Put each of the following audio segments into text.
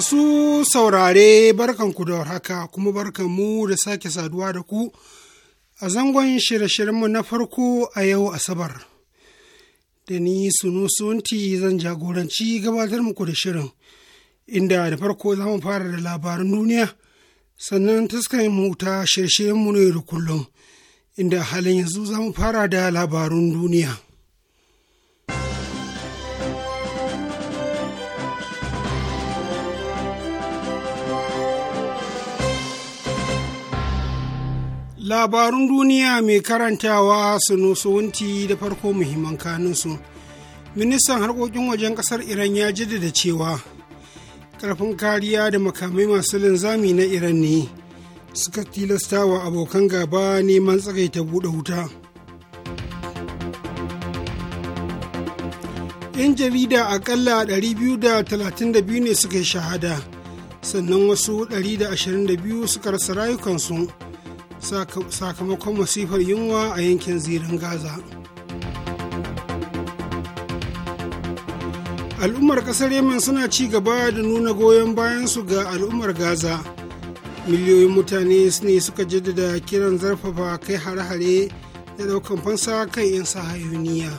Masu saurare barkanku da haka kuma barkanmu da sake saduwa da ku a zangon shirye-shiryenmu na farko a yau Asabar. Da ni Sunu Sunti zan jagoranci gabatar muku da shirin, inda da farko za mu fara da labarin duniya, sannan mu ta shirye-shiryenmu ne da kullum, inda halin yanzu za mu fara da labarin duniya. Labarun duniya mai karantawa su wunti da farko muhimman kanunsu. Ministan harkokin wajen ƙasar Iran ya jaddada cewa karfin kariya da makamai masu linzami na Iran ne suka tilasta wa abokan gaba neman tsagaita buɗe wuta. 'yan jarida akalla 232 ne suka yi shahada sannan wasu 122 suka rasa rayukansu sakamakon masifar yunwa a yankin zirin gaza al'ummar kasar yemen suna ci gaba da nuna goyon bayansu ga al'ummar gaza miliyoyin mutane ne suka jaddada kiran zarfafa kai hare-hare da daukan fansa kan 'yan sahayuniya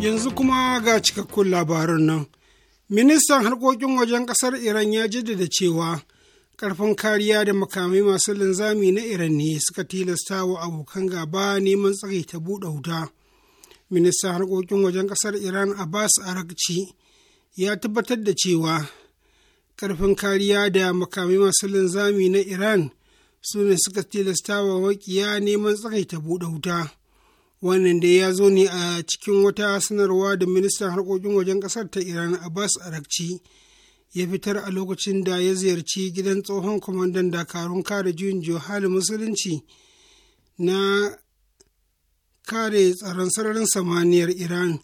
yanzu kuma ga cikakkun labarun nan ministan harkokin wajen ƙasar iran ya jaddada cewa karfin kariya da makamai masu linzami na iran ne suka tilasta wa abokan gaba neman tsare ta buɗe wuta ministan harkokin wajen ƙasar iran abbas arakci ya tabbatar da cewa karfin kariya da makamai masu linzami na iran su ne suka tilasta wa makiya neman tsare ta buɗe wuta wannan dai ya zo ne a cikin wata sanarwa da ministan harkokin wajen ƙasar ta iran abbas arakci ya fitar a lokacin da ya ziyarci gidan tsohon kwamandan dakarun kare juyin johali musulunci na kare tsaron sararin samaniyar iran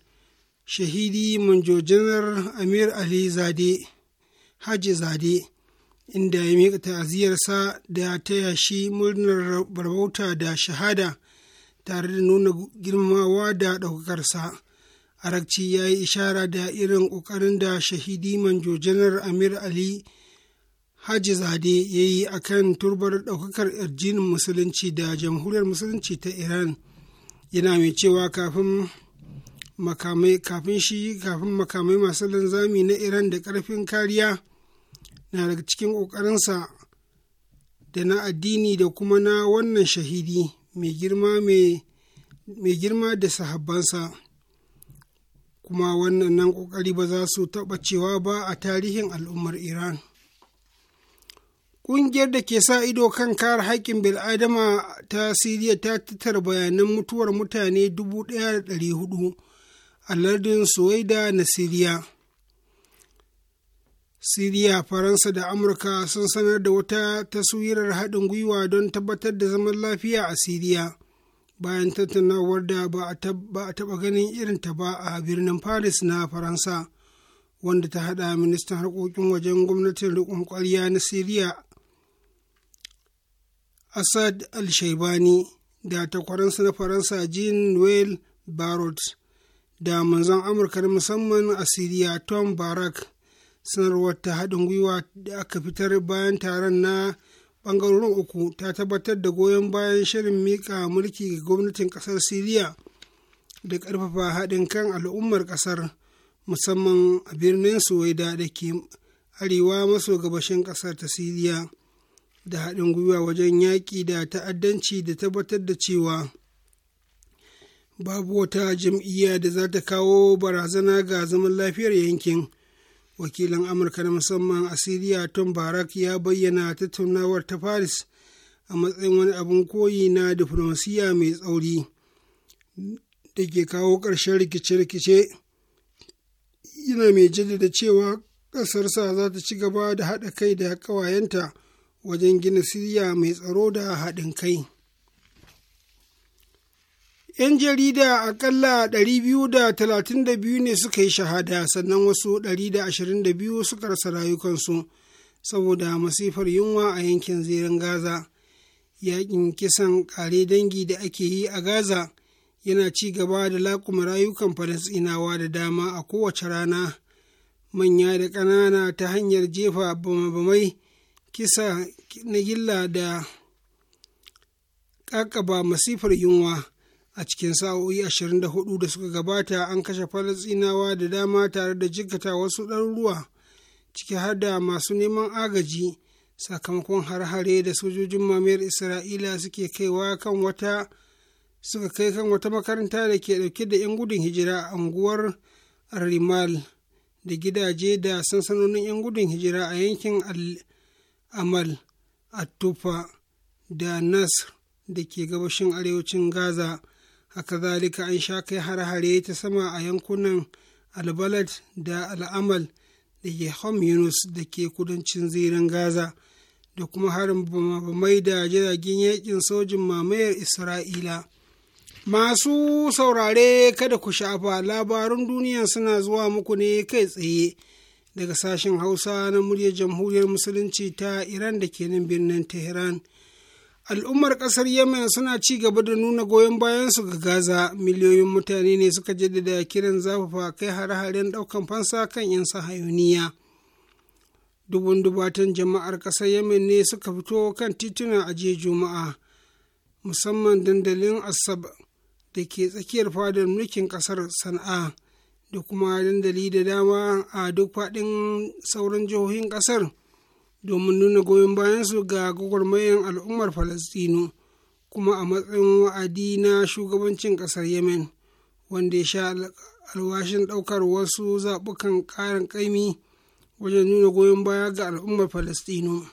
shahidi manjo amir ali zade haji zade inda ya miƙa ta'aziyarsa da ta yashi murnar barbauta da shahada tare da nuna girmawa da ɗaukakarsa arakci ya yi ishara da irin ƙoƙarin da shahidi manjo janar amir ali haji zade ya yi a kan turbar ɗaukakar yarjinin musulunci da jamhuriyar musulunci ta iran yana mai cewa kafin makamai kafin shi kafin makamai masu linzami na iran da ƙarfin kariya na daga cikin ƙoƙarinsa da na addini da kuma na wannan shahidi mai girma da sahabbansa kuma wannan nan ƙoƙari ba za su taɓa cewa ba a tarihin al'ummar iran Ƙungiyar da ke sa ido kan kare haƙƙin bil'adama ta Siriya ta tattara bayanan mutuwar mutane 1,400 a lardin Suwaida na Siriya Siriya, Faransa da Amurka sun sanar da wata taswirar haɗin gwiwa don tabbatar da zaman lafiya a Siriya. Bayan tattaunawar da ba a taɓa ganin irin ta ba a birnin Paris na Faransa, wanda ta haɗa ministan harkokin wajen gwamnatin riƙon ƙwarya na Siriya, Assad al-Shaibani da takwaransa na Faransa Jean Noel Barrot da manzon Amurka na musamman a Siriya Tom Barak. sanarwar ta haɗin gwiwa da aka fitar bayan taron na bangarorin uku ta tabbatar da goyon bayan shirin miƙa mulki ga gwamnatin ƙasar siriya da ƙarfafa haɗin kan al'ummar ƙasar musamman a birnin suwaida da ke arewa maso gabashin ƙasar ta siriya da haɗin gwiwa wajen yaƙi da ta'addanci da tabbatar da cewa babu wata jam'iyya da za ta kawo barazana ga zaman lafiyar yankin. wakilin amurka na musamman a siriya tom barak ya bayyana tattaunawar ta paris a matsayin wani abin koyi na diflomasiyya mai tsauri da ke kawo ƙarshen rikice-rikice yana mai jaddada cewa ƙasarsa za ta ci gaba da haɗa kai da ƙawayenta wajen gina siriya mai tsaro da haɗin kai 'yan jarida akalla 232 ne suka yi shahada sannan wasu 122 suka rasa rayukansu saboda masifar yunwa a yankin zirin gaza yakin kisan kare dangi da ake yi a gaza yana ci gaba da laƙuma rayukan falasinawa da dama a kowace rana manya da ƙanana ta hanyar jefa bamabamai kisa na gilla da ƙaƙaba masifar yunwa a cikin sa'o'i 24 da suka gabata an kashe falasinawa da dama tare da jikata wasu ɗaruruwa ciki har da masu neman agaji sakamakon harhare da sojojin mamayar isra'ila suke kaiwa kan wata suka kai kan wata makaranta da ke dauke da 'yan gudun hijira a unguwar rimal da gidaje da sansanonin 'yan gudun hijira a yankin amal atufa da nas da ke gabashin arewacin gaza haka zalika an sha kai har-hare ta sama a yankunan albalad da al'amal da ke hom yunus da ke kudancin zirin gaza da kuma harin bamai da jiragen yakin sojin mamayar isra'ila masu saurare kada ku sha'afa labarun duniya suna zuwa muku ne kai tsaye daga sashen hausa na muryar jamhuriyar musulunci ta iran da ke nan birnin tehran al'ummar ƙasar yemen suna ci gaba da nuna goyon bayansu ga gaza miliyoyin mutane ne suka jaddada kiran zafafa kai hare-haren daukan fansa kan 'yan sahayuniya dubun dubatan jama'ar ƙasar yemen ne suka fito kan tituna a jiya juma'a musamman dandalin asab da ke tsakiyar fadar mulkin ƙasar sana'a da kuma dandali da dama a duk faɗin sauran jihohin ƙasar. domin nuna goyon bayansu ga gwagwarmayan al'ummar falastinu kuma a matsayin wa'adi na shugabancin ƙasar yemen wanda ya sha alwashin ɗaukar wasu zaɓukan ƙarin kaimi wajen nuna goyon baya ga al'ummar falastinu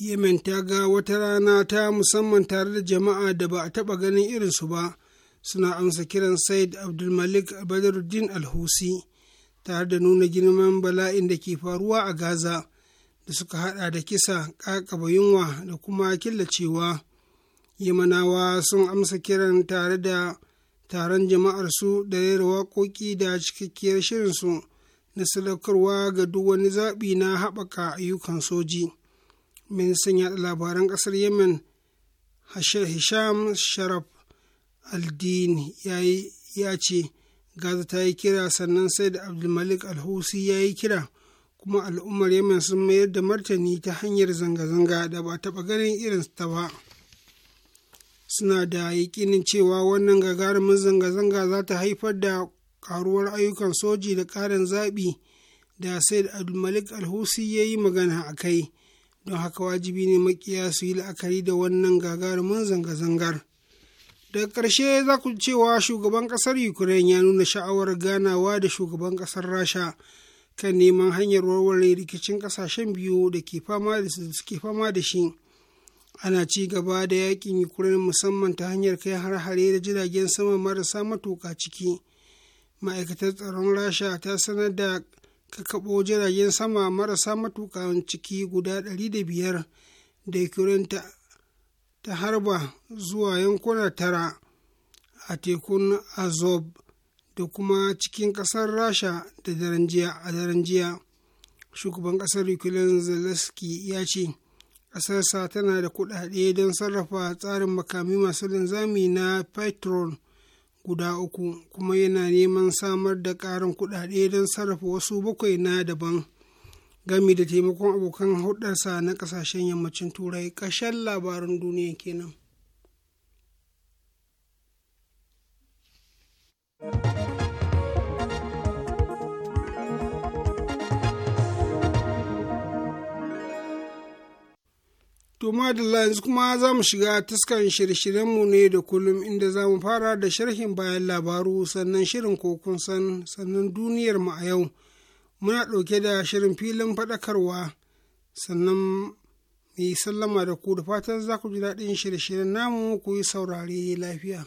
yemen ta ga wata rana ta musamman tare da jama'a da ba a taɓa ganin irinsu ba suna amsa kiran said abdulmalik badaruddin alhusi tare da nuna girman bala'in da ke faruwa a Gaza da suka haɗa da kisa kakaba yunwa da kuma killacewa. Yamanawa sun amsa kiran tare da taron jama'arsu da rera waƙoƙi da cikakkiyar shirinsu na sadaukarwa ga duk wani zaɓi na haɓaka ayyukan soji. Ministan yaɗa labaran ƙasar Yemen Hisham Sharaf Aldin ya ce, gaza ta yi kira sannan sai da abdulmalik alhusi ya yi kira kuma al'ummar yemen sun mayar da martani ta hanyar zanga-zanga da ba taɓa ganin irin ta ba suna da yakinin cewa wannan gagarumin zanga-zanga za ta haifar da karuwar ayyukan soji da ƙarin zaɓi da said abdulmalik alhusi ya yi magana a kai don haka wajibi ne makiya su yi la'akari da wannan gagarumin zanga-zangar daga ƙarshe za ku cewa shugaban ƙasar ukraine ya nuna sha'awar ganawa da shugaban ƙasar rasha kan neman hanyar warware rikicin ƙasashen biyu da ke fama da shi ana ci gaba da yakin ukraine musamman ta hanyar kai har-hare da jiragen sama marasa matuƙa ciki ma'aikatar tsaron rasha ta sanar da kakabo jiragen sama marasa matuƙa ciki guda ɗari biyar da ukraine ta ta harba zuwa yankuna tara a tekun azov da kuma cikin ƙasar rasha da daren jiya a daren jiya shugaban ƙasar ukraine zelensky ya ce ƙasarsa tana da kuɗaɗe don sarrafa tsarin makami masu linzami na petron guda uku kuma yana neman samar da ƙarin kuɗaɗe don sarrafa wasu bakwai na daban gami da taimakon abokan hudarsa na kasashen yammacin turai ƙashen labaran duniya kenan. To madalla yanzu kuma za mu shiga tuskan shirye-shiryenmu ne da kullum inda za mu fara da sharhin bayan labaru sannan shirin kokun sannan duniyar mu a yau. muna ɗauke da shirin filin faɗakarwa sannan mai sallama da ku da fatan za ku ji daɗin shirye-shiryen namu ku yi saurare lafiya.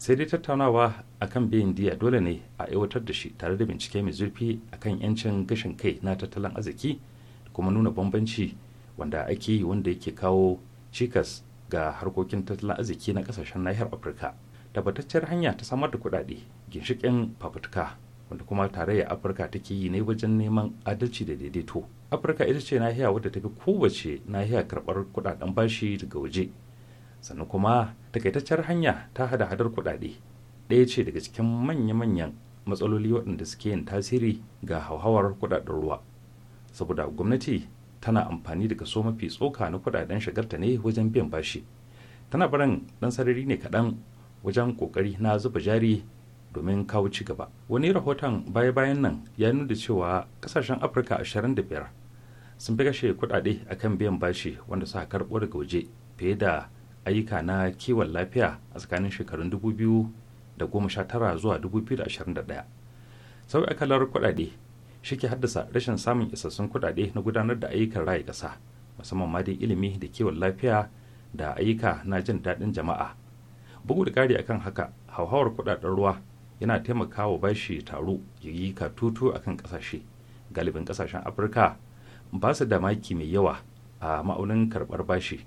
sai dai tattaunawa akan biyan diya dole ne a aiwatar da shi tare da bincike mai zurfi akan yancin gashin kai na tattalin arziki da kuma nuna bambanci wanda ake yi wanda yake kawo cikas ga harkokin tattalin arziki na kasashen nahiyar afirka tabbatacciyar hanya ta samar da kuɗaɗe ginshiƙin fafutuka wanda kuma tarayyar afirka take yi ne wajen neman adalci da daidaito afirka ita ce nahiya wadda ta fi kowace nahiya karɓar kuɗaɗen bashi daga waje sannan kuma takaitaccen hanya ta hada hadar kuɗaɗe ɗaya ce daga cikin manya-manyan matsaloli waɗanda suke yin tasiri ga hauhawar kuɗaɗen ruwa saboda gwamnati tana amfani da kaso mafi tsoka na kuɗaɗen shigarta ne wajen biyan bashi tana barin ɗan sarari ne kaɗan wajen ƙoƙari na zuba jari domin kawo ci gaba wani rahoton baya-bayan nan ya nuna cewa ƙasashen afirka 25 sun fi kashe kuɗaɗe akan biyan bashi wanda suka karɓo daga waje fiye da ayyuka na kiwon lafiya a tsakanin shekarun 2019 zuwa 2021 sau akalar kuɗaɗe shi ke haddasa rashin samun isassun kuɗaɗe na gudanar da ayyukan rayu ƙasa musamman ma dai ilimi da kiwon lafiya da ayyuka na jin daɗin jama'a bugu da ƙari akan haka hauhawar kuɗaɗen ruwa yana taimakawa bashi taro ya yi katutu akan ƙasashe galibin ƙasashen afirka ba su da maki mai yawa a ma'aunin karɓar bashi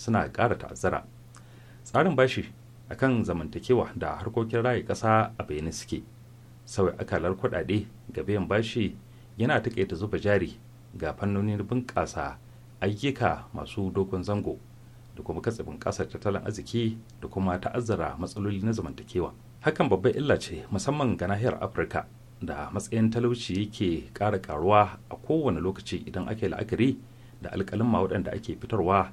suna ƙara ta'azzara tsarin bashi a kan zamantakewa da harkokin raye ƙasa a bayanin suke sauya akalar kuɗaɗe ga biyan bashi yana taƙaita zuba jari ga fannonin bunƙasa ayyuka masu dogon zango da kuma katse bunƙasar tattalin arziki da kuma ta'azzara matsaloli na zamantakewa hakan babbar illa ce musamman ga nahiyar afirka da matsayin talauci yake ƙara karuwa a kowane lokaci idan ake la'akari da alƙalin waɗanda ake fitarwa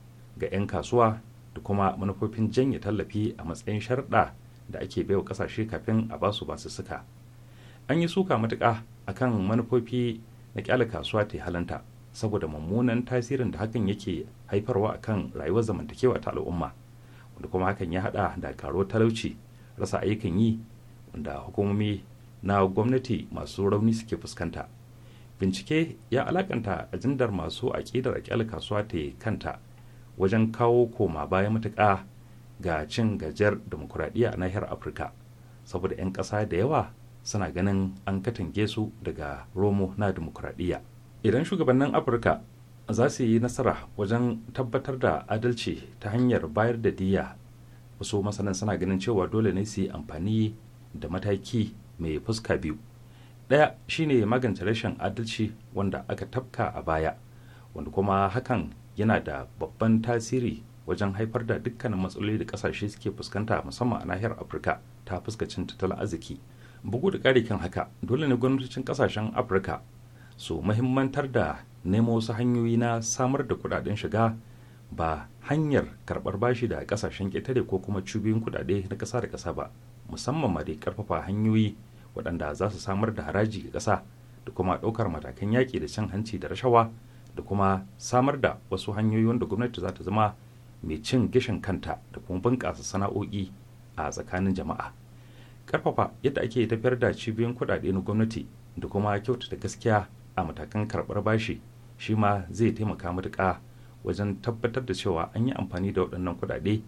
ga 'yan kasuwa da kuma manufofin janye tallafi a matsayin sharɗa da ake baiwa ƙasashe kafin a basu suka an yi suka matuƙa kan manufofi na kyala kasuwa ta halanta saboda mummunan tasirin da hakan yake haifarwa a kan rayuwar zamantakewa ta al'umma wanda kuma hakan ya haɗa da karo talauci rasa ayyukan yi wanda hukumomi na gwamnati masu rauni suke fuskanta bincike ya alakanta ajindar masu aƙidar kyala kasuwa ta kanta wajen kawo koma baya matuƙa ga cin gajiyar demokuraɗiyya a nahiyar afirka saboda 'yan ƙasa da yawa suna ganin an katange su daga romo na demokuraɗiyya idan shugabannin afirka za su yi nasara wajen tabbatar da adalci ta hanyar bayar da diya wasu masanan suna ganin cewa dole ne su yi amfani da mataki mai fuska biyu ɗaya shine magance rashin adalci wanda aka tafka a baya wanda kuma hakan yana da babban tasiri wajen haifar da dukkanin matsaloli da kasashe suke fuskanta musamman a nahiyar afirka ta fuskacin tattalin arziki bugu da ƙari kan haka dole ne gwamnatocin kasashen afirka su mahimmantar da nemo wasu hanyoyi na samar da kudaden shiga ba hanyar karbar bashi da kasashen ƙetare ko kuma cubiyin kudade na ƙasa da ƙasa ba musamman ma dai karfafa hanyoyi waɗanda za su samar da haraji ga ƙasa da kuma ɗaukar matakan yaƙi da cin hanci da rashawa da kuma samar da wasu hanyoyi wanda gwamnati za ta zama mai cin gishin kanta da kuma bunƙasa sana'o'i a tsakanin jama'a ƙarfafa yadda ake tafiyar da cibiyoyin kuɗaɗe na gwamnati da kuma kyautata gaskiya a matakan karɓar bashi shi ma zai taimaka matuƙa wajen tabbatar da cewa an yi amfani da waɗannan kuɗaɗe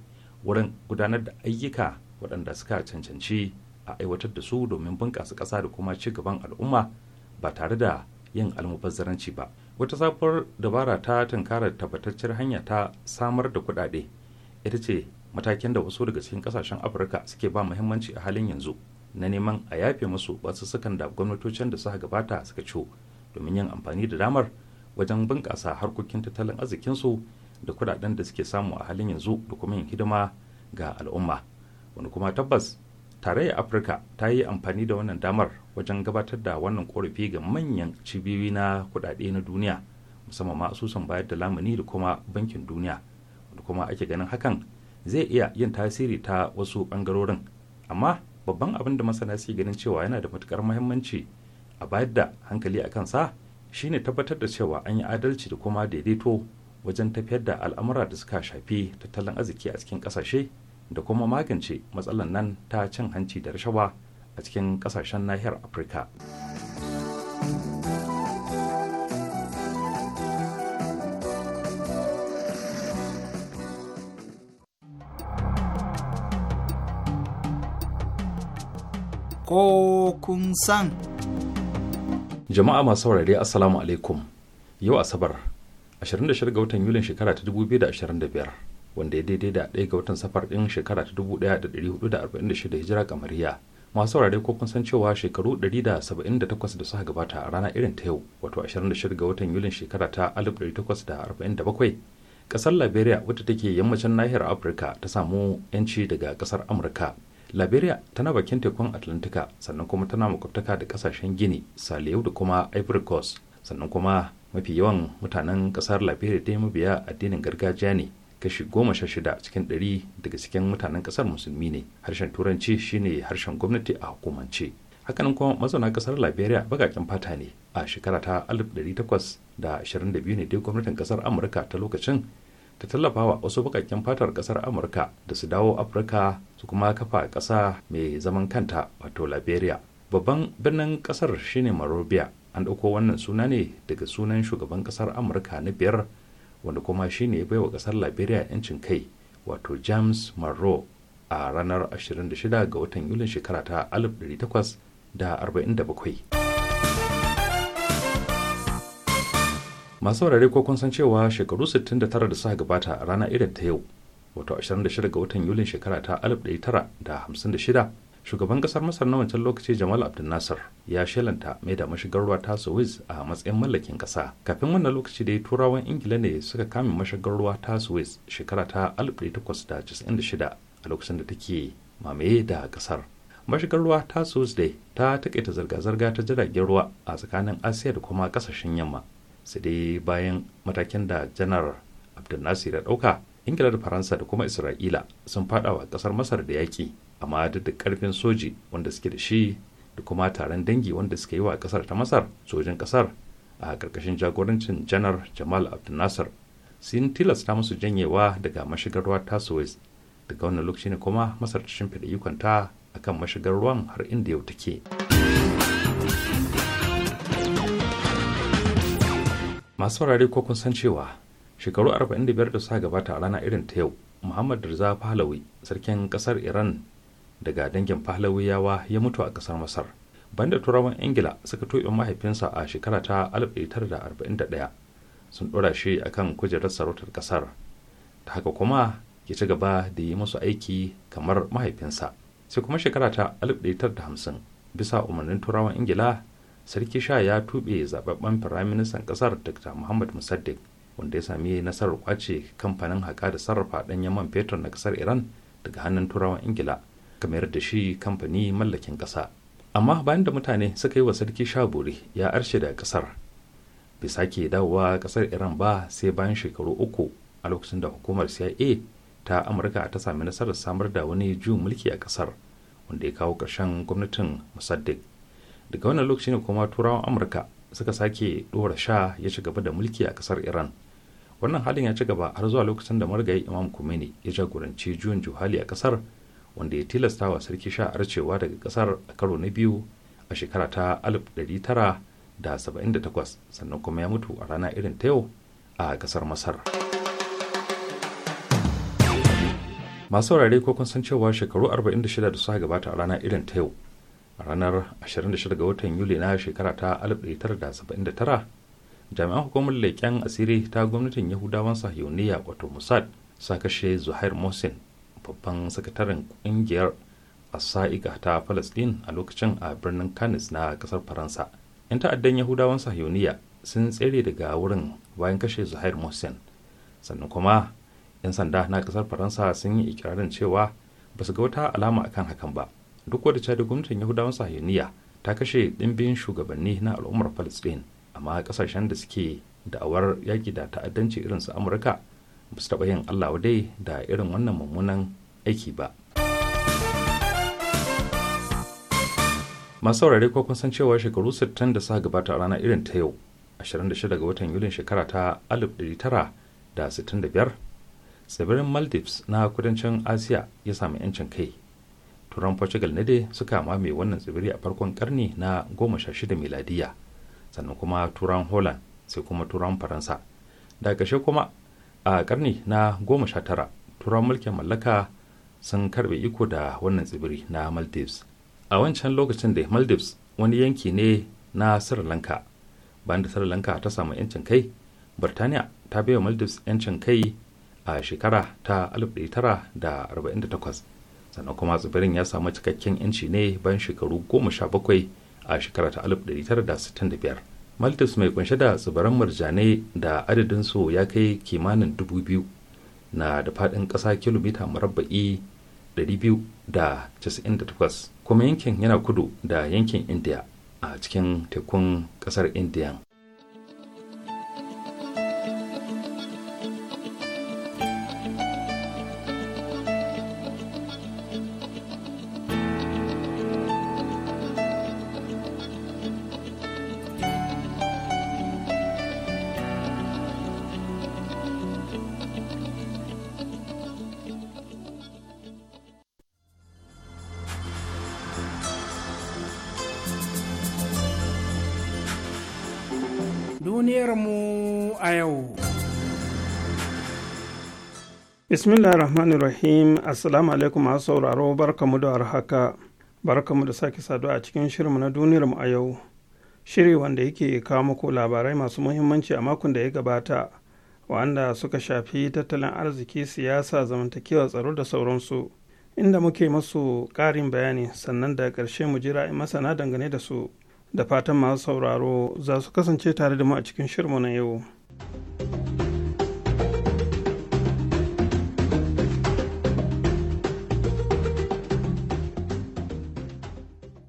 wurin gudanar da ayyuka waɗanda suka cancanci a aiwatar da su domin bunƙasa ƙasa da kuma ci gaban al'umma ba tare da yin almubazzaranci ba. wata safar dabara ta tunkara tabbataccen hanya ta samar da kuɗaɗe ita ce matakin da wasu daga cikin kasashen afirka suke ba muhimmanci a halin yanzu na neman a yafe musu wasu sukan da gwamnatocin da suka gabata suka ciwo domin yin amfani da damar wajen bunƙasa harkokin tattalin arzikinsu da kudaden da suke samu a halin yanzu da kuma yin hidima ga al'umma wani kuma tabbas tarayyar afirka ta yi amfani da wannan damar wajen gabatar da wannan korafi ga manyan cibiyoyi na kudade na duniya musamman ma asusun bayar da lamuni da kuma bankin duniya da kuma ake ganin hakan zai iya yin tasiri ta wasu bangarorin amma babban abin da masana suke ganin cewa yana da matukar muhimmanci a bayar da hankali a kansa shine tabbatar da cewa an yi adalci da kuma daidaito wajen tafiyar da al'amura da suka shafi tattalin arziki a cikin kasashe da kuma magance matsalar nan ta cin hanci da rashawa a cikin kasashen nahiyar afirka ko kun san jama'a masu saurare assalamu alaikum yau asabar 26 ga watan yulin shekara ta 2025 wanda ya daidai da ɗaya ga watan safar ɗin shekara ta 1446 hijira kamariya masu saurare ko kun san cewa shekaru 178 da suka gabata a rana irin ta yau wato 26 ga watan yulin shekara ta 1847 ƙasar liberia wadda take yammacin nahiyar afirka ta samu yanci daga ƙasar amurka liberia tana bakin tekun atlantika sannan kuma tana makwabtaka da ƙasashen gini saliyau da kuma ivory coast sannan kuma mafi yawan mutanen ƙasar liberia dai mabiya addinin gargajiya ne kashi goma sha shida cikin ɗari daga cikin mutanen ƙasar musulmi ne harshen turanci shine harshen gwamnati a hukumance hakanan kuma mazauna ƙasar liberia bakaƙen fata ne a shekara ta biyu ne dai gwamnatin ƙasar amurka ta lokacin ta tallafa wa wasu bakakken fatar ƙasar amurka da su dawo afirka su kuma kafa ƙasa mai zaman kanta wato liberia babban birnin ƙasar shine marobia an ɗauko wannan suna ne daga sunan shugaban ƙasar amurka na biyar wanda kuma shine ne baiwa kasar liberia 'yancin kai wato james monroe a ranar 26 ga watan yulin shekara ta 1847 masu wurare ko kun san cewa shekaru 69 da suka gabata a rana irin ta yau wato 26 ga watan yulin shekara ta shugaban kasar masar na wancan lokaci jamal abdul nasir ya shelanta mai da mashigar ruwa ta suez a matsayin mallakin kasa kafin wannan lokaci dai turawan ingila ne suka kame mashigar ruwa ta suez shekara ta 1896 a lokacin da take mamaye da kasar mashigar ruwa ta suez dai ta takaita zirga-zirga ta jiragen ruwa a tsakanin asiya da kuma kasashen yamma sai dai bayan matakin da janar abdul nasir ya dauka ingila da faransa da kuma isra'ila sun fada wa kasar masar da yaƙi amma duk da karfin soji wanda suke da shi da kuma taron dangi wanda suka yi wa kasar ta masar sojin kasar a karkashin jagorancin janar jamal abdulnasar sun tilasta musu janyewa daga mashigar ruwa ta suez daga wannan lokaci ne kuma masar ta shimfiɗa ikonta akan mashigar ruwan har inda yau take masu farare ko kun san cewa shekaru 45 da suka gabata a rana irin ta yau muhammad rizal pahlawi sarkin kasar iran daga dangin fahlawiyawa ya mutu a ƙasar masar banda turawan ingila suka tobe mahaifinsa a shekara ta 1941 sun ɗora shi akan kujerar sarautar ƙasar ta haka kuma ya ci gaba da yi musu aiki kamar mahaifinsa sai kuma shekara ta 1950 bisa umarnin turawan ingila sarki sha ya tuɓe zababben firaministan ƙasar dr muhammad musaddiq wanda ya sami nasarar kwace kamfanin haƙa da sarrafa ɗanyen man fetur na ƙasar iran daga hannun turawan ingila suka mayar da shi kamfani mallakin ƙasa amma bayan da mutane suka yi wa sarki shaburi ya arshe da ƙasar bai sake dawowa ƙasar iran ba sai bayan shekaru uku a lokacin da hukumar cia ta amurka ta sami nasarar samar da wani juyin mulki a ƙasar wanda ya kawo ƙarshen gwamnatin musaddiq daga wannan lokacin ne kuma turawan amurka suka sake ɗora sha ya ci gaba da mulki a ƙasar iran wannan halin ya ci gaba har zuwa lokacin da marigayi imam Khomeini ya jagoranci juyin juhali a ƙasar wanda ya tilasta wa sarki sha cewa daga kasar a karo na biyu a shekara ta 1978 sannan kuma ya mutu a rana irin ta yau a kasar masar masu saurare ko kun san cewa shekaru 46 da suka gabata a rana irin ta yau a ranar 26 ga watan yuli na shekara ta 1979 jami'an hukumar leƙen asiri ta gwamnatin yahudawan sahiyoniya wato mossad sa kashe zuhair mohsin babban sakataren kungiyar a asa'iga ta palestine a lokacin a birnin kanis na kasar faransa 'yan ta'addan yahudawan sahiyoniya sun tsere daga wurin bayan kashe zuhair mohsen sannan kuma 'yan sanda na kasar faransa sun yi ikirarin cewa ba su ga wata alama akan hakan ba duk wadda da gwamnatin yahudawan sahiyoniya ta kashe ɗimbin shugabanni na al'ummar palestine amma kasashen da suke da'awar yaƙi da ta'addanci irin su amurka basu su taɓa yin allah dai da irin wannan mummunan aiki ba masu saurare ko kun san cewa shekaru 60 da suka gabata a ranar irin ta yau 26 ga watan yulin shekara ta 1965 tsibirin maldives na kudancin asiya ya sami 'yancin kai turan portugal ne dai suka mame wannan tsibiri a farkon karni na 16 miladiya sannan kuma turan holland sai kuma turan faransa da kashe kuma a karni na goma sha tara turawan mulkin mallaka sun karbe iko da wannan tsibiri na maldives a wancan lokacin da maldives wani yanki ne na sri lanka bayan da sri lanka ta samu yancin kai birtaniya ta bai wa maldives yancin kai a shekara ta 1948 sannan kuma tsibirin ya samu cikakken yanci ne bayan shekaru goma sha bakwai a shekara ta 1965 maltus mai kunshe da tsibiran murjanai da adadinsu ya kai kimanin dubu biyu na da fadin kasa kilomita marabba'i 298 kuma yankin yana kudu da yankin india a cikin tekun kasar indiya duniyarmu a yau. Bismillah rahmanir rahim Assalamu alaikum masu sauraro barkamu da warhaka barkamu da sake saduwa a cikin shirinmu na duniyarmu a yau. Shiri wanda yake kawo muku labarai masu muhimmanci a makon da ya gabata wanda suka shafi tattalin arziki siyasa zamantakewa tsaro da sauransu inda muke masu ƙarin bayani sannan da ƙarshe mu jira masana dangane da su. da fatan masu sauraro za su kasance tare da mu a cikin shirmu na yau.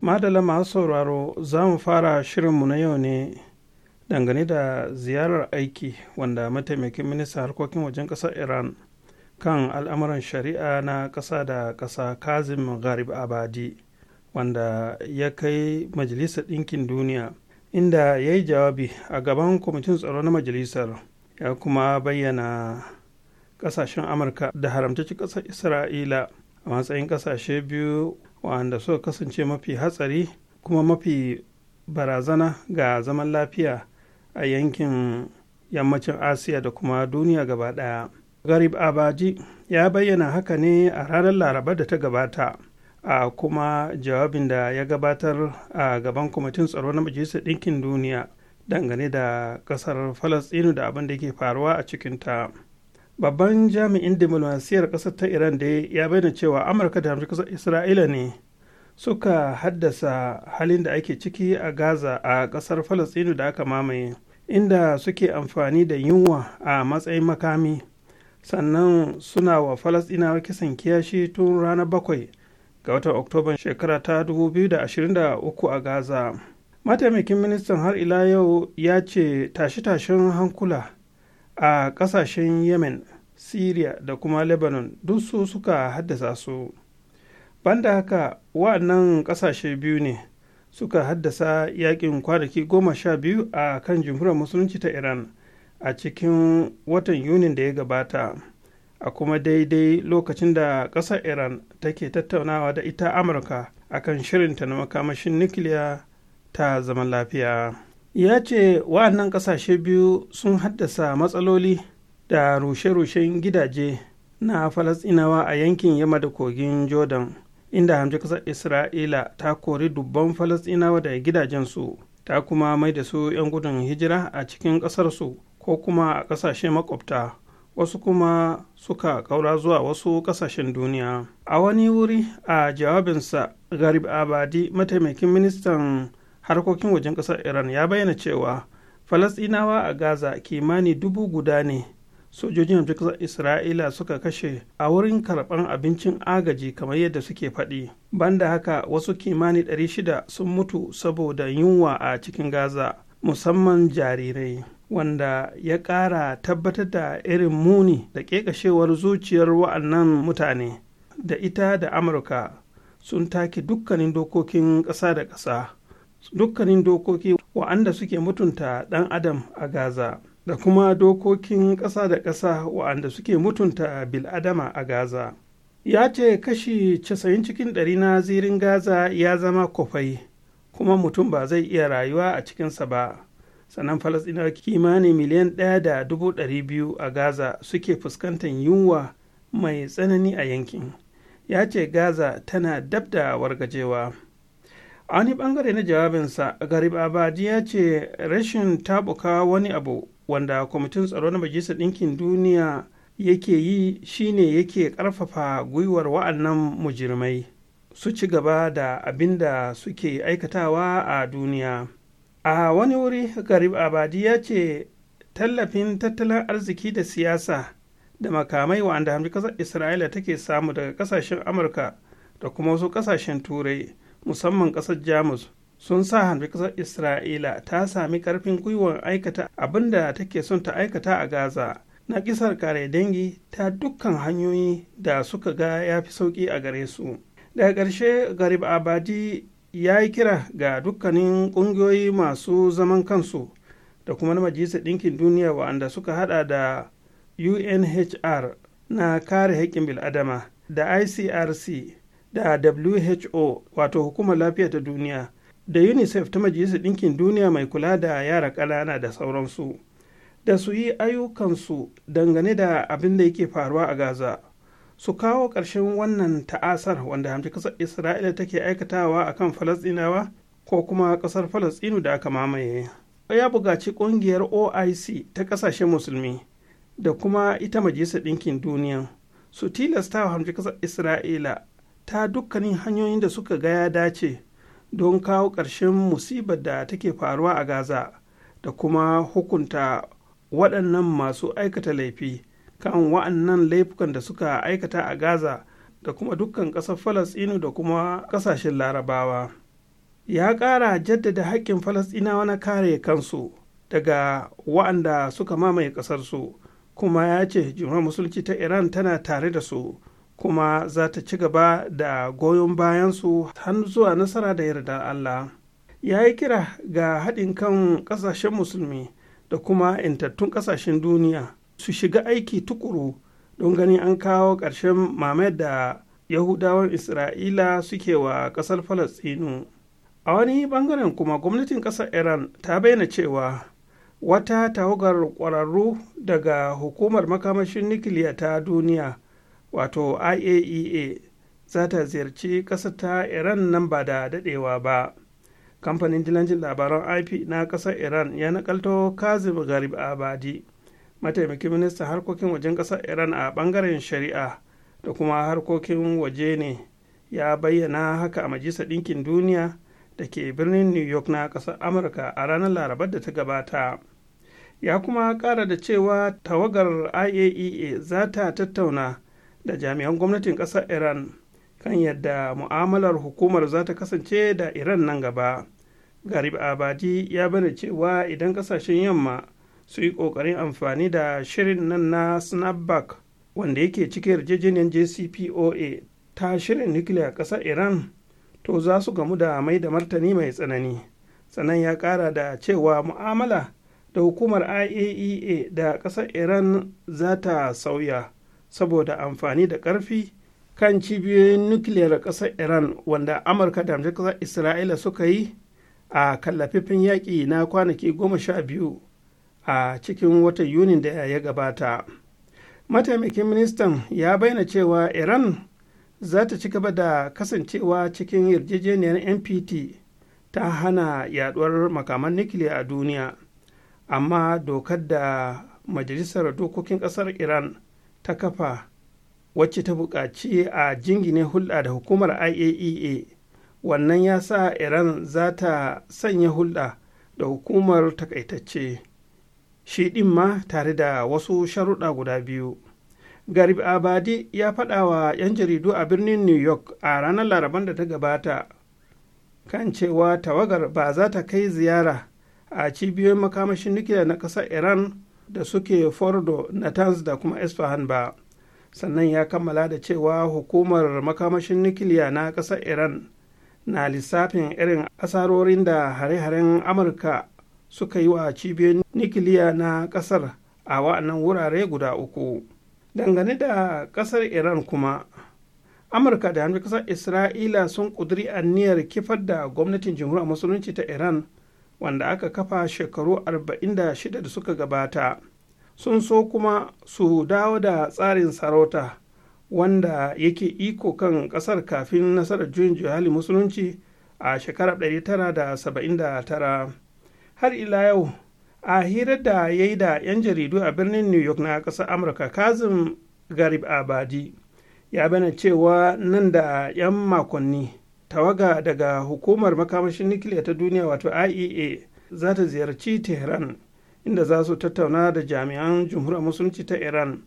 Madala masu sauraro za mu fara shirinmu na yau ne dangane da ziyarar aiki wanda mataimakin minista harkokin wajen ƙasar Iran kan al'amuran shari'a na ƙasa da ƙasa Kazim Garib Abadi wanda ya kai majalisar ɗinkin duniya inda ya yi jawabi a gaban kwamitin tsaro na majalisar ya kuma bayyana ƙasashen amurka da haramtacci ƙasar isra'ila a matsayin ƙasashe biyu wanda suka kasance mafi hatsari kuma mafi barazana ga zaman lafiya a yankin yammacin asiya da kuma duniya gaba ɗaya garib abaji ya bayyana haka ne a ranar laraba da ta gabata a kuma jawabin da ya gabatar a gaban kwamitin tsaro na majalisar ɗinkin duniya dangane da ƙasar falastinu da abin da ke faruwa a cikinta babban jami'in diplomasiyar ƙasar ta iran da ya bayyana cewa amurka da ƙasar isra'ila ne suka haddasa halin da ake ciki a gaza a ƙasar falastinu da aka mamaye inda suke amfani da yunwa a matsayin makami sannan suna wa falastinawa kisan kiyashi tun ranar bakwai ga watan oktoban shekara ta 2023 a gaza mataimakin ministan har ila yau ya ce tashe-tashen hankula a kasashen yemen syria da kuma lebanon duk su suka haddasa su banda haka wa'annan kasashe biyu ne suka haddasa yakin kwanaki goma sha biyu a kan jamhuriyar musulunci ta iran a cikin watan yunin da ya gabata a kuma daidai lokacin da ƙasar iran take tattaunawa da ita amurka a kan shirinta na makamashin nukiliya ta zaman lafiya ya ce wa'annan ƙasashe biyu sun haddasa matsaloli da rushe-rushen gidaje na falasɗinawa a yankin yamma da kogin jordan inda hamji ƙasar isra'ila ta kori dubban falasɗinawa da gidajensu ta kuma mai da su 'yan gudun hijira a cikin ƙasarsu ko kuma a ƙasashe makwabta wasu kuma suka ƙaura zuwa wasu ƙasashen duniya a wani wuri a jawabinsa garib abadi mataimakin ministan harkokin wajen ƙasar iran ya bayyana cewa falasɗinawa a gaza kimani dubu guda ne sojojin wajen ƙasar isra'ila suka kashe a wurin karban abincin agaji kamar yadda suke faɗi banda haka wasu kimani 600 sun mutu saboda yunwa a cikin gaza musamman jarirai wanda ya ƙara tabbatar da irin muni da ƙeƙashewar zuciyar wa'annan mutane da ita da amurka sun take dukkanin dokokin ƙasa da ƙasa dukkanin dokoki wa'anda suke mutunta ɗan adam a gaza da kuma dokokin ƙasa da ƙasa wa'anda suke mutunta bil'adama a gaza ya ce kashi 90 cikin ɗari na zirin gaza ya zama kofai kuma mutum ba zai iya rayuwa a cikinsa ba sannan falasdinawa kimanin miliyan ɗaya da dubu ɗari biyu a gaza suke fuskantar yunwa mai tsanani a yankin ya ce gaza tana dab da wargajewa a wani bangare na jawabinsa garib abadi ya ce rashin taɓuka wani abu wanda kwamitin tsaro na majalisar ɗinkin duniya yake yi shine yake ƙarfafa gwiwar wa'annan mujirmai su ci gaba da abin da suke aikatawa a duniya a wani wuri garib abadi ya ce tallafin tattalin arziki da siyasa da makamai hamdi kasar isra'ila take samu daga kasashen amurka da kuma wasu kasashen turai musamman kasar jamus sun sa kasar isra'ila ta sami karfin gwiwar aikata abin da take son ta aikata a gaza na kisar kare dangi ta dukkan hanyoyi da suka ga ya fi sauki a gare su daga ƙarshe garib abadi ya yi kira ga dukkanin ƙungiyoyi masu zaman kansu da kuma na majalisar ɗinkin duniya waɗanda suka hada da unhr na kare haƙƙin bil'adama da icrc da who wato hukumar lafiya ta duniya da unicef ta majalisar ɗinkin duniya mai kula da yara ƙanana da sauransu da su yi ayyukansu dangane da abin da yake faruwa a gaza su kawo ƙarshen wannan ta'asar wanda hamci ƙasar isra'ila take aikatawa a kan falasɗinawa ko kuma ƙasar falasɗinu da aka mamaye ya bugaci ƙungiyar oic ta ƙasashen musulmi da kuma ita majalisar ɗinkin duniya su tilasta wa hamci ƙasar isra'ila ta dukkanin hanyoyin da suka gaya dace don kawo ƙarshen musibar da take faruwa a gaza da kuma hukunta waɗannan masu aikata laifi kan wa'annan laifukan da suka aikata a gaza da kuma dukkan ƙasar falasɗinu da kuma ƙasashen larabawa ya ƙara jaddada haƙƙin falasɗinawa na kare kansu daga wa'anda suka mamaye ƙasarsu kuma ya ce jimar musulci ta iran tana tare da su kuma za ta ci gaba da goyon bayansu har zuwa nasara da yarda allah ya yi kira ga haɗin kan ƙasashen musulmi da kuma intattun ƙasashen duniya su shiga aiki tukuru don ganin an kawo ƙarshen mamayar da yahudawan isra'ila suke wa ƙasar falastinu a wani bangaren kuma gwamnatin ƙasar iran ta bayyana cewa wata tawagar ƙwararru daga hukumar makamashin nukiliya ta duniya wato iaea e za ta ziyarci ƙasar ta iran nan ba da daɗewa ba kamfanin jilancin labaran ip na ƙasar iran ya nakalto kazim garib abadi mataimakin ministan harkokin wajen ƙasar iran a ɓangaren shari'a da kuma harkokin waje ne ya bayyana haka a majalisar ɗinkin duniya da ke birnin new york na ƙasar amurka a ranar larabar da ta gabata ya kuma ƙara da cewa tawagar iaea e za ta tattauna da jami'an gwamnatin ƙasar iran kan yadda mu'amalar hukumar za ta kasance da iran nan gaba garib abadi ya bane cewa idan ƙasashen yamma su yi ƙoƙarin amfani da shirin nan na snapback wanda yake cikin yarjejeniyar jcpoa ta shirin nukiliya ƙasar iran to za su gamu da mai da martani mai tsanani sannan ya ƙara da cewa mu'amala da hukumar iaea e da ƙasar iran za ta sauya saboda amfani da ƙarfi kan cibiyoyin nukiliyar ƙasar iran wanda amurka da ƙasar isra'ila suka yi a kallafifin yaƙi na kwanaki goma sha biyu a cikin watan yunin da ya gabata mataimakin ministan ya bayyana cewa iran za ta ci gaba da kasancewa cikin yarjejeniyar npt ta hana yaduwar makaman nukiliya a duniya amma dokar da majalisar dokokin kasar iran ta kafa wacce ta buƙaci a jingine hulɗa da hukumar iaea e wannan ya sa iran za ta sanya hulɗa da hukumar takaitacce shi ɗin ma tare da wasu sharuɗa guda biyu garib abadi ya faɗa wa 'yan jaridu a birnin new york a ranar laraban da ta gabata kan cewa tawagar ba za ta kai ziyara a cibiyoyin makamashin nukiliya na ƙasar iran da suke fordo natanz da kuma isfahan ba sannan ya kammala da cewa hukumar makamashin nukiliya na ƙasar iran na lissafin irin asarorin da hare-haren amurka suka yi wa cibiyar nikiliya na kasar a wa'annan wurare guda uku dangane da kasar iran kuma amurka da hannun kasar isra'ila sun kuduri aniyar kifar da gwamnatin jamhuriyar musulunci ta iran wanda aka kafa shekaru 46 da suka gabata sun so kuma su dawo da tsarin sarauta wanda yake iko kan kasar kafin nasarar juyin juhali musulunci a shekarar 1979 har ila yau a hirar da ya da 'yan jaridu a birnin new york na ƙasar amurka kazim garib abadi ya bayyana cewa nan da 'yan makonni tawaga daga hukumar makamashin nukiliya ta duniya wato iea za ta ziyarci tehran inda za su tattauna da jami'an jamhuriyar musulunci ta iran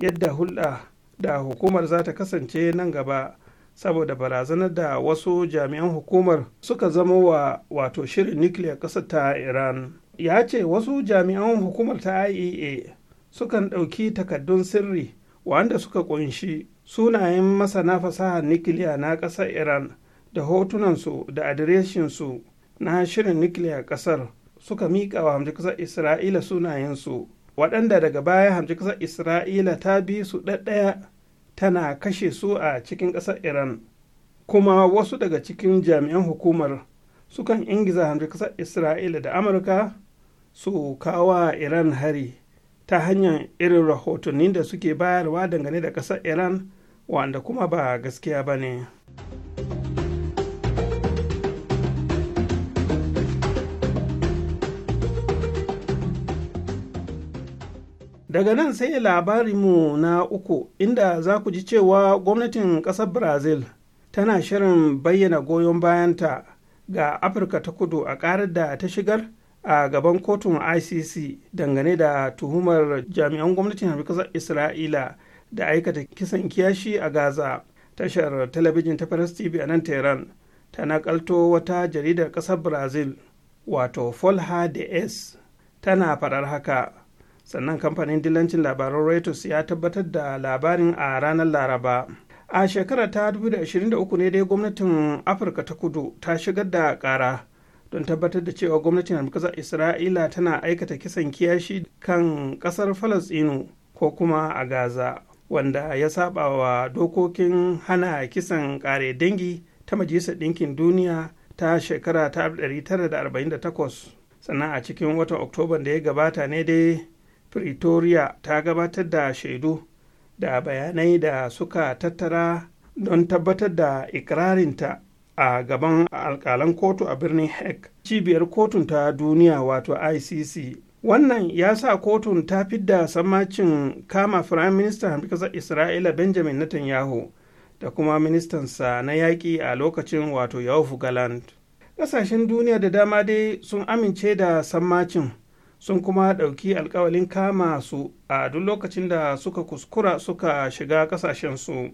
yadda hulɗa da hukumar za ta kasance nan gaba saboda barazanar da wasu jami'an hukumar suka zama wa wato shirin nukiliyar ƙasa ta iran ya ce wasu jami'an hukumar ta iea sukan ɗauki takaddun sirri wanda suka ƙunshi sunayen masana fasahar nukiliya na ƙasar iran da hotunansu da adireshinsu na shirin nukiliya ƙasar suka miƙa wa hamji ƙasar isra'ila sunayensu waɗanda daga baya hamji ƙasar isra'ila ta bi su ɗaɗɗaya tana kashe su a cikin ƙasar iran kuma wasu daga cikin jami'an hukumar sukan ingiza hanzu ƙasar isra'ila da amurka su kawa iran hari ta hanyar irin rahotanni da suke bayarwa dangane da ƙasar iran wanda kuma ba gaskiya ba ne. daga nan sai mu na uku inda za ku ji cewa gwamnatin ƙasar brazil tana shirin bayyana goyon bayanta ga afirka ta kudu a ƙarar da ta shigar a gaban kotun icc dangane da tuhumar jami'an gwamnatin ƙasar isra'ila da aikata kisan kiyashi a gaza tashar talabijin ta paris tv a nan tehran ta nakalto wata jaridar ƙasar brazil wato folha de s tana faɗar haka sannan kamfanin dilancin labaran reuters ya tabbatar da labarin a ranar laraba a shekara ta 2023 ne dai gwamnatin afirka ta kudu ta shigar da kara don tabbatar da cewa gwamnatin kasar isra'ila tana aikata kisan kiyashi kan kasar falastinu ko kuma a gaza wanda ya saba wa dokokin hana kisan kare dangi ta majalisar ɗinkin duniya ta shekara ta 1948 sannan a cikin watan oktoban da ya gabata ne dai pretoria ta gabatar da shaidu da bayanai da suka tattara don tabbatar da ikirarinta a gaban alkalan kotu a birnin hague cibiyar kotun ta duniya wato icc wannan ya sa kotun ta fi da sammacin kama firayim ministan kasar isra'ila benjamin netanyahu da kuma ministansa na yaƙi a lokacin wato yahufu galand ƙasashen duniya da dama dai sun amince da sammacin sun kuma ɗauki alkawalin kama su a duk lokacin da suka kuskura suka shiga su.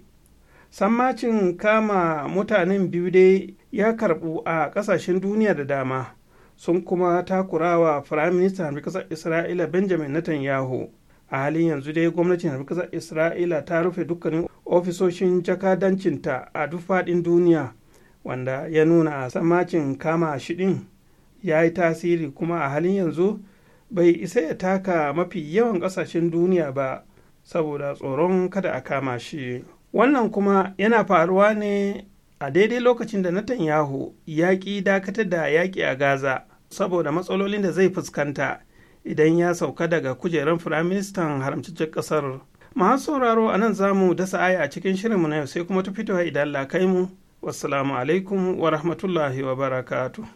sammacin kama mutanen biyu dai ya karɓu a ƙasashen duniya da dama sun kuma takurawa firaministan ƙasar isra'ila benjamin netanyahu a halin yanzu dai gwamnatin ƙasar isra'ila ta rufe dukkanin ofisoshin jakadancinta a duk faɗin duniya wanda ya nuna sammacin kama shiɗin ya yi tasiri kuma a halin yanzu bai isa ya taka mafi yawan ƙasashen duniya ba saboda tsoron kada a kama shi wannan kuma yana faruwa ne a daidai lokacin da Netanyahu ya ƙi dakatar da yaƙi a Gaza saboda matsalolin da zai fuskanta idan ya sauka daga kujerar firaministan haramcicin ƙasar. Masu sauraro a nan za mu dasa aya a cikin shirinmu na yau sai kuma ta fitowa idan lakai mu. Wassalamu alaikum wa rahmatullahi wa barakatu.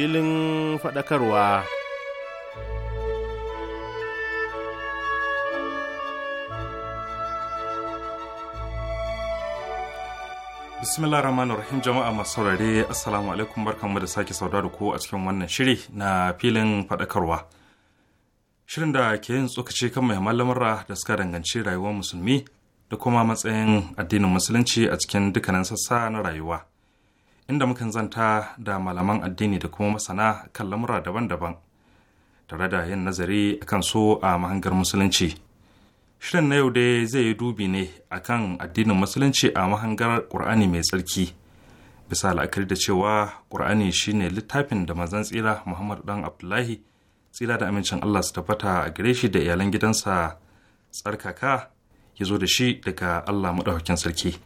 filin faɗakarwa. bismillah rahmanir rahim jama'a masu saurare assalamu alaikum barkanmu da sake sauda da ku a cikin wannan shiri na filin faɗakarwa shirin da ke yin tsokaci kan muhimman lamura da suka danganci rayuwar musulmi da kuma matsayin addinin musulunci a cikin dukkanin sassa na rayuwa inda mukan zanta da malaman addini da kuma masana kan lamura daban-daban tare da yin nazari akan so a mahangar musulunci shirin na yau dai zai yi dubi ne a kan addinin musulunci a mahangar ƙur'ani mai tsarki bisa la'akari da cewa ƙur'ani shine littafin da mazan tsira muhammadu dan abdullahi tsira da amincin allah su tabbata a gare shi da iyalan gidansa tsarkaka ya zo da shi daga allah maɗaukakin sarki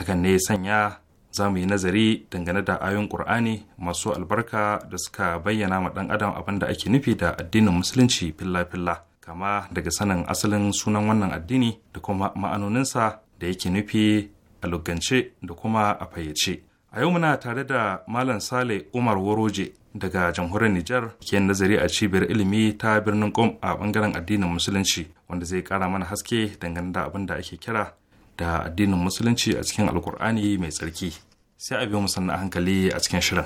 hakan ne sanya za mu yi nazari dangane da ayon ƙur'ani masu albarka da suka bayyana ma ɗan adam abin da ake nufi da addinin musulunci filla-filla kama daga sanin asalin sunan wannan addini da kuma ma'anoninsa da yake nufi a lugance da kuma a fayyace a yau muna tare da malam sale umar woroje daga jamhuriyar Nijar ke nazari a cibiyar ilimi ta birnin Qom a bangaren addinin musulunci wanda zai ƙara mana haske dangane da abin da ake kira da addinin musulunci a cikin alkur'ani mai tsarki sai a biyo musanna hankali a cikin shirin.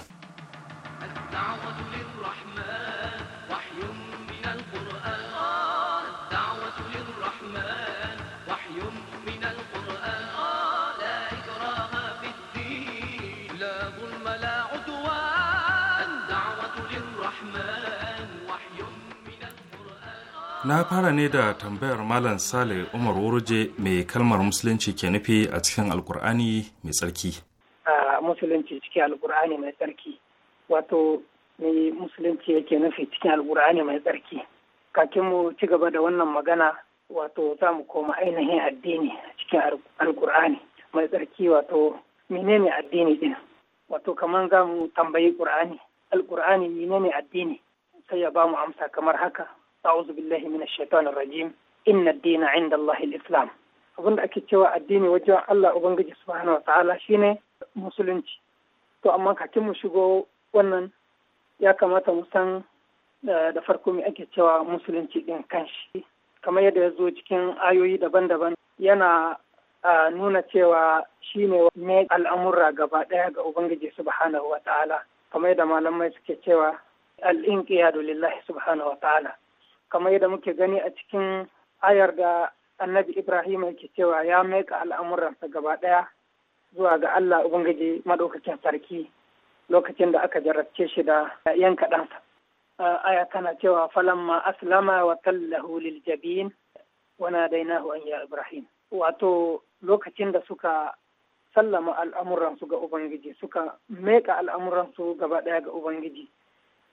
na fara ne da tambayar malam sale umar wuruje mai kalmar musulunci ke nufi a cikin alkur'ani mai tsarki musulunci cikin alkur'ani mai tsarki wato mai musulunci yake nufi cikin alkur'ani mai tsarki kakin mu ci gaba da wannan magana wato za mu koma ainihin addini cikin alkur'ani mai tsarki wato menene addini din wato kamar za mu tambayi qur'ani alkur'ani menene addini sai ya ba mu amsa kamar haka أعوذ بالله من الشيطان الرجيم إن الدين عند الله الإسلام abin da ake cewa addini wajen Allah Ubangiji subhanahu wataala shine musulunci to amma kakin mu shigo wannan ya kamata mu san da farko me ake cewa musulunci din kanshi kamar yadda ya zo cikin ayoyi daban-daban yana nuna cewa shine ne al'amurra gaba ɗaya ga Ubangiji subhanahu wataala kamar yadda malamai suke cewa al al'inqiyadu lillahi subhanahu wataala kamar yadda muke gani a cikin ayar da annabi ibrahim yake cewa ya maika al'amuransa gaba ɗaya zuwa ga allah ubangiji maɗaukakin sarki lokacin da aka jarabce shi da yanka ɗansa aya tana cewa falamma aslama wa tallahu lil jabin wana dainahu an ya ibrahim wato lokacin da suka sallama al'amuransu ga ubangiji suka meka al'amuransu gaba ɗaya ga ubangiji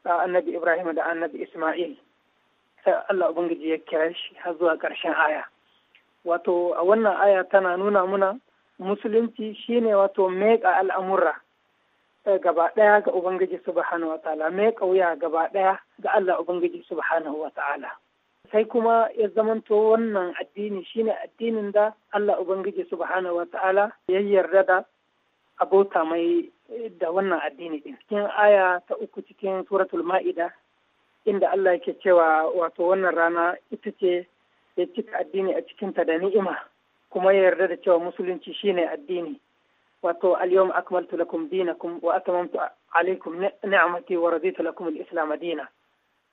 annabi ibrahim da annabi isma'il sai Allah ubangiji ya kira shi har zuwa ƙarshen aya wato a wannan aya tana nuna muna musulunci shine wato meƙa al'amurra eh, gaba ɗaya ga ubangiji subhanahu ta'ala, meƙa wuya gaba ɗaya ga Allah ubangiji subhanahu ta'ala. sai kuma ya zamanto wannan addini shine addinin da Allah ubangiji subhanahu ta'ala ya yarda da abota mai eh, da wannan addini din cikin aya ta uku cikin suratul ma'ida inda Allah yake cewa wato wannan rana ita ce ya cika addini a cikinta da ni'ima kuma ya yarda da cewa musulunci shine addini wato al-yawma akmaltu lakum dinakum wa atamamtu alaykum ni'mati wa raditu lakum al-islam dina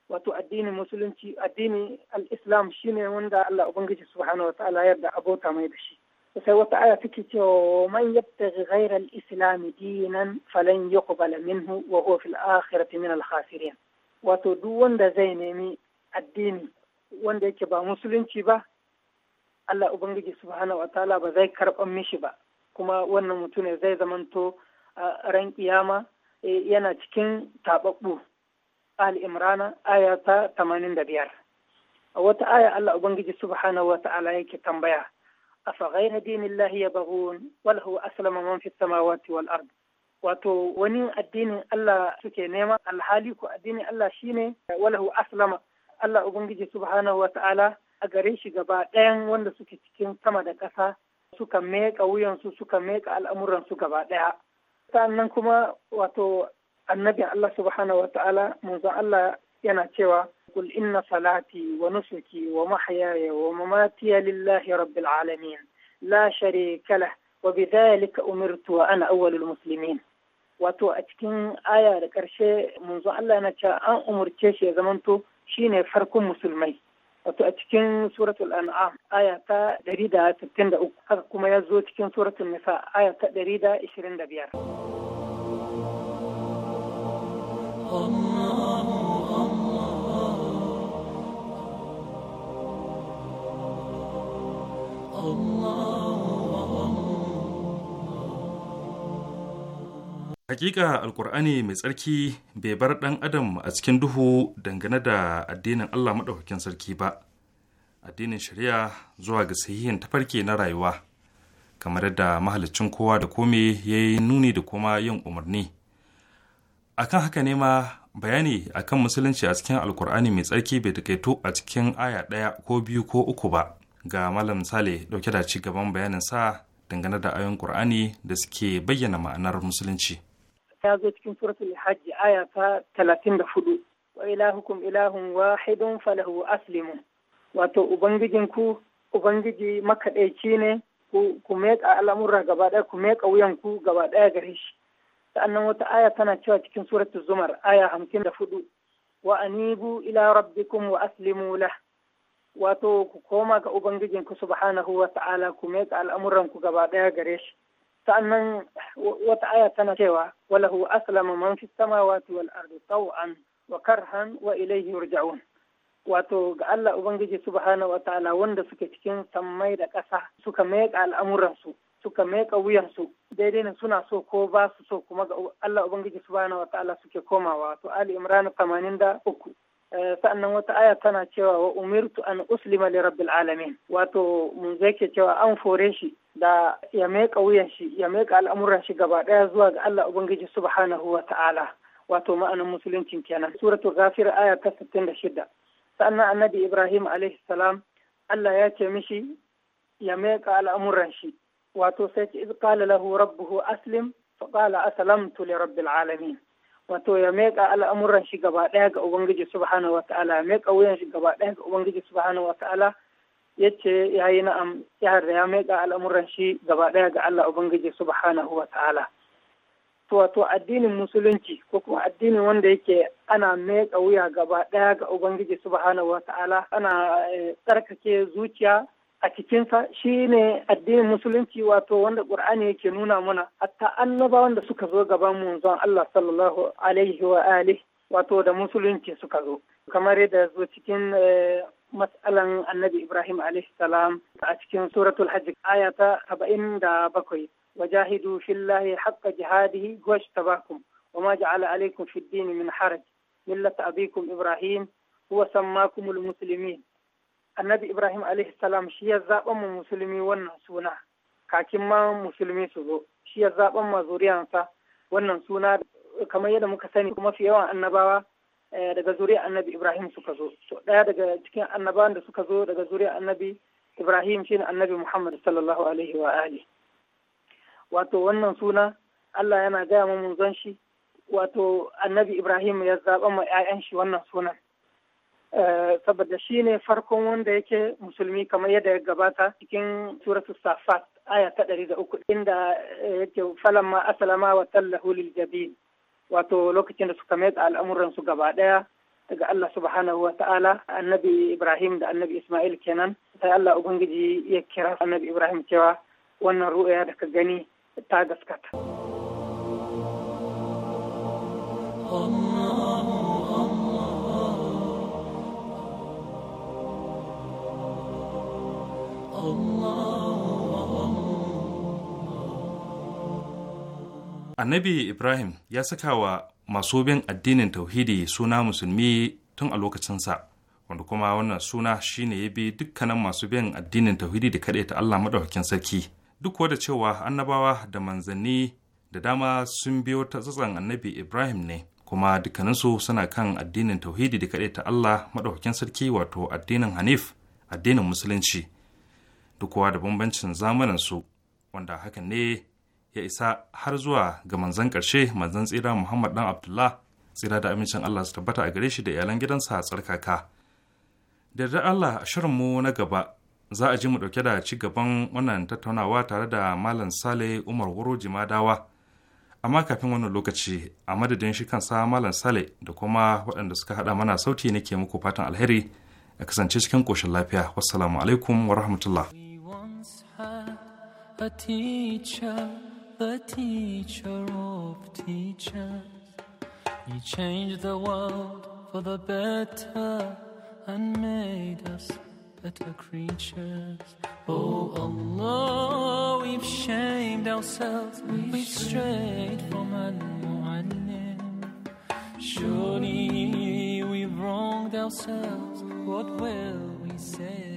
wato addinin musulunci addini al-islam shine wanda Allah ubangiji subhanahu wa ta'ala yarda abota mai da shi sai wata aya take cewa man yabtaghi ghayra al-islam dinan falan yuqbala minhu wa huwa fil akhirati min al-khasirin wato duk wanda zai nemi addini wanda yake ba musulunci ba Allah Ubangiji subhanahu wataala ba zai karɓan mishi ba kuma wannan mutum zai zamanto a ran kiyama e, yana cikin taɓaɓɓu al-imrana aya ta tamanin da biyar a wata aya Allah Ubangiji subhanahu wataala yake tambaya أفغير دين ruwan يبغون aslama mafi من في السماوات والأرض wato wani addinin Allah suke nema alhali ko addinin Allah shine walahu aslama Allah ubangiji subhanahu wata'ala a gare shi gaba ɗayan wanda suke cikin sama da ƙasa suka meƙa wuyansu suka meƙa al'amuransu gaba ɗaya sannan kuma wato annabin Allah subhanahu wata'ala manzon Allah yana cewa قل إن صلاتي ونسكي ومحياي ومماتي لله رب العالمين la شريك kala. wa bidhalika umirtu wa ana awwalul musulmi wato a cikin aya da ƙarshe munzo Allah na ce an umurce shi ya zamanto shine farkon musulmai wato a cikin suratul an'am aya ta 163 haka kuma ya zo cikin suratul nisa aya ta 125 Hakika Alkur'ani mai tsarki bai bar ɗan adam a cikin duhu dangane da addinin Allah maɗaukakin sarki ba. Addinin shari'a zuwa ga sahihin tafarki na rayuwa, kamar da mahalicin kowa da kome ya yi nuni da kuma yin umarni. A kan haka ne ma bayani a kan musulunci a cikin Alkur'ani mai tsarki bai takaito a cikin aya ɗaya ko biyu ko uku ba. Ga Malam Sale ɗauke da ci gaban bayanin sa dangane da ayon Kur'ani da suke bayyana ma'anar musulunci. ya zo cikin suratul hajji aya ta talatin da hudu wa ilahukum ilahun wahidun falahu aslimu wato ubangijin ubangiji makaɗaici ne ku meƙa al'amurra gaba ɗaya ku meƙa wuyan ku gaba ɗaya gare shi sa'annan wata aya tana cewa cikin suratul zumar aya hamsin da hudu wa anibu ila rabbikum wa aslimu lah wato ku koma ga ubangijin subhanahu wa ta'ala ku meƙa al'amuran ku gaba ɗaya gare shi sa'annan wata aya tana cewa walahu aslama man fi samawati wal ardi taw'an wa karhan wa ilayhi yurja'un wato ga Allah ubangiji subhanahu wa ta'ala wanda suke cikin sammai da ƙasa suka meka al'amuransu suka meka wuyansu daidai ne suna so ko ba su so kuma ga Allah ubangiji subhanahu wa ta'ala suke komawa to Ali Imran 83 Eh, sa'annan wata aya tana cewa wa umirtu an uslima li rabbil alamin wato mun cewa an fore shi da ya meka wuyan shi ya meka al'amuran shi gaba daya zuwa ga Allah ubangiji subhanahu wa ta'ala wato ma'anin musuluncin kenan suratul ghafir aya ta 66 sa'annan annabi ibrahim alaihi salam Allah ya ce mishi ya meka al'amuran shi wato sai ce iz qala lahu rabbuhu aslim fa qala aslamtu li rabbil alamin wato ya meka al'amuran shi gaba ɗaya ga ubangiji subhanahu wa ta'ala ya meka wuyan shi gaba ɗaya ga ubangiji subhanahu wa ta'ala yace ya yi na'am ya da ya meka al'amuran shi gaba ɗaya ga Allah ubangiji subhanahu wa ta'ala to wato addinin musulunci ko kuma addinin wanda yake ana meka wuya gaba ɗaya ga ubangiji subhanahu wa ta'ala ana eh, tsarkake zuciya a cikinsa shine addinin musulunci wato wanda qur'ani yake nuna mana hatta annaba wanda suka zo gaban manzon Allah sallallahu alaihi wa alihi wato da musulunci suka zo kamar yadda zo cikin matsalan annabi Ibrahim alaihi salam a cikin suratul hajj aya ta bakwai wajahidu fillahi haqqa jihadihi wajtabakum وما جعل عليكم في الدين min haraj ملة abikum ibrahim huwa سماكم المسلمين annabi ibrahim alaihi salam shi ya zaɓa mu musulmi wannan suna kakin ma musulmi su zo shi ya zaɓa ma zuriyansa wannan suna kamar yadda muka sani kuma fi yawan annabawa eh, daga zuriyar annabi ibrahim suka zo to daya daga cikin annabawan da suka zo daga zuriyar annabi ibrahim shine annabi muhammad sallallahu alaihi wa ali wato wannan suna allah yana gaya mu zan shi wato annabi ibrahim ya zaɓa ma 'ya'yan shi wannan sunan Eh, saboda shi ne farkon wanda yake musulmi kamar yadda ya gabata cikin suratu safat aya ta ɗari da uku inda eh, yake falamma asalama wa tallahu lil jabin wato lokacin da suka maida al'amuran su gaba ɗaya daga Allah subhanahu wa ta'ala annabi Ibrahim da annabi Ismail kenan sai Allah ubangiji ya kira annabi Ibrahim cewa wannan ru'aya da ka gani ta gaskata. Annabi Ibrahim ya saka wa masu bin addinin tauhidi suna musulmi tun a lokacinsa, wanda kuma wannan suna shine ya bi dukkanin masu bin addinin tauhidi da kaɗai ta Allah maɗaukakin sarki. Duk da cewa annabawa da manzanni da dama sun biyo ta tsatsan annabi Ibrahim ne, kuma dukkaninsu suna kan addinin tauhidi da kaɗai ta Allah maɗaukakin sarki wato addinin Hanif, addinin Musulunci. Duk da bambancin zamaninsu, wanda hakan ne ya isa har zuwa ga manzan ƙarshe manzan tsira muhammad dan abdullah tsira da amincin allah su tabbata a gare shi da iyalan gidansa a tsarkaka da yarda allah shirin mu na gaba za a ji mu ɗauke da ci gaban wannan tattaunawa tare da malam sale umar wuro jimadawa amma kafin wannan lokaci a madadin shi kansa malam sale da kuma waɗanda suka haɗa mana sauti nake muku fatan alheri a kasance cikin koshin lafiya wassalamu alaikum wa rahmatullah a the teacher of teachers. He changed the world for the better and made us better creatures. Oh Allah, we've shamed ourselves, we've strayed from an muallim Surely we've wronged ourselves, what will we say?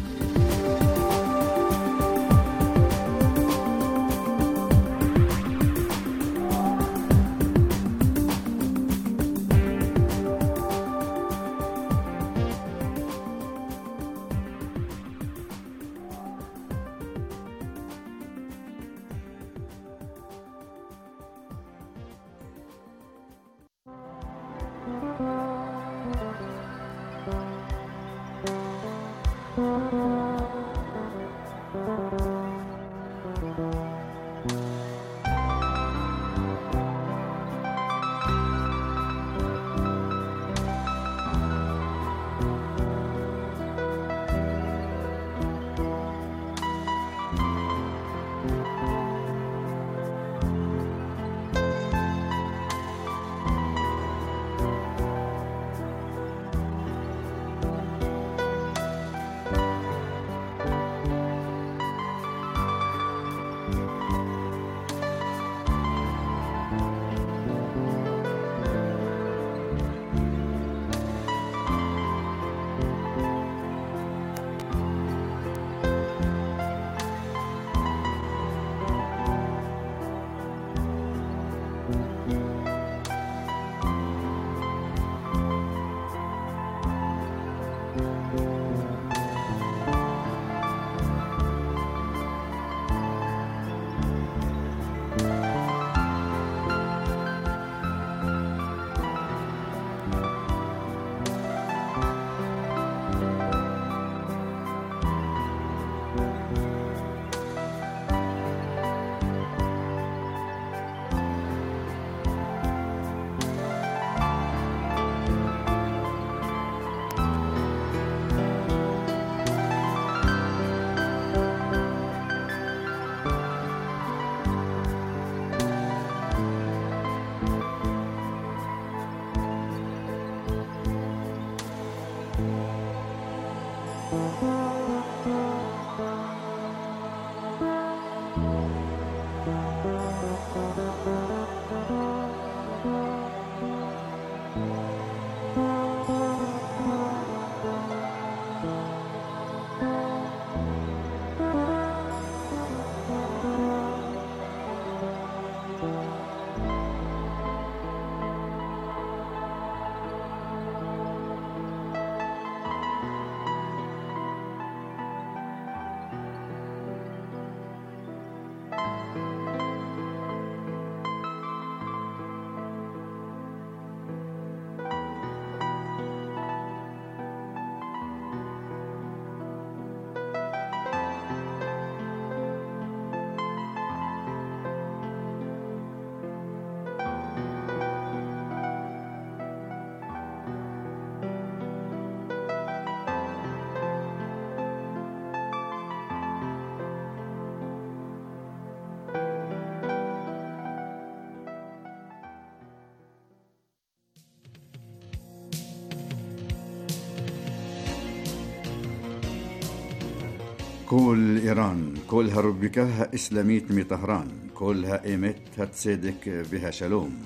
كل إيران كلها ربكها إسلاميت مي طهران كلها إيمت هتصدق بها شلوم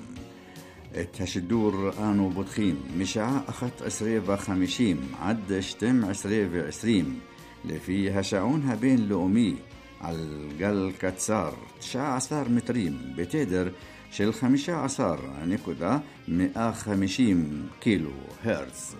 الدور آنو بطخيم مشاعة أخت أسريفة خمشيم عد شتم أسريفة عسريم لفيها شعونها بين لومي على القل كتسار تشاع عصار متريم بتدر شل خمشة عصار نكودا مئة خمشيم كيلو هرتز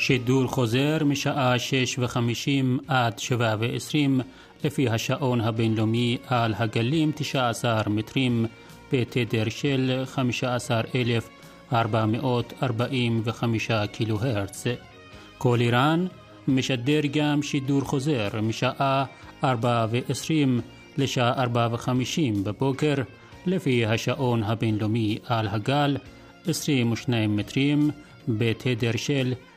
שידור חוזר משעה וחמישים עד ועשרים לפי השעון הבינלאומי על הגלים 19 מטרים בתדר של 15,445 קילו הרץ. כל איראן משדר גם שידור חוזר משעה 4:20 לשעה 4:50 בבוקר לפי השעון הבינלאומי על הגל 22 מטרים בתדר של 15,445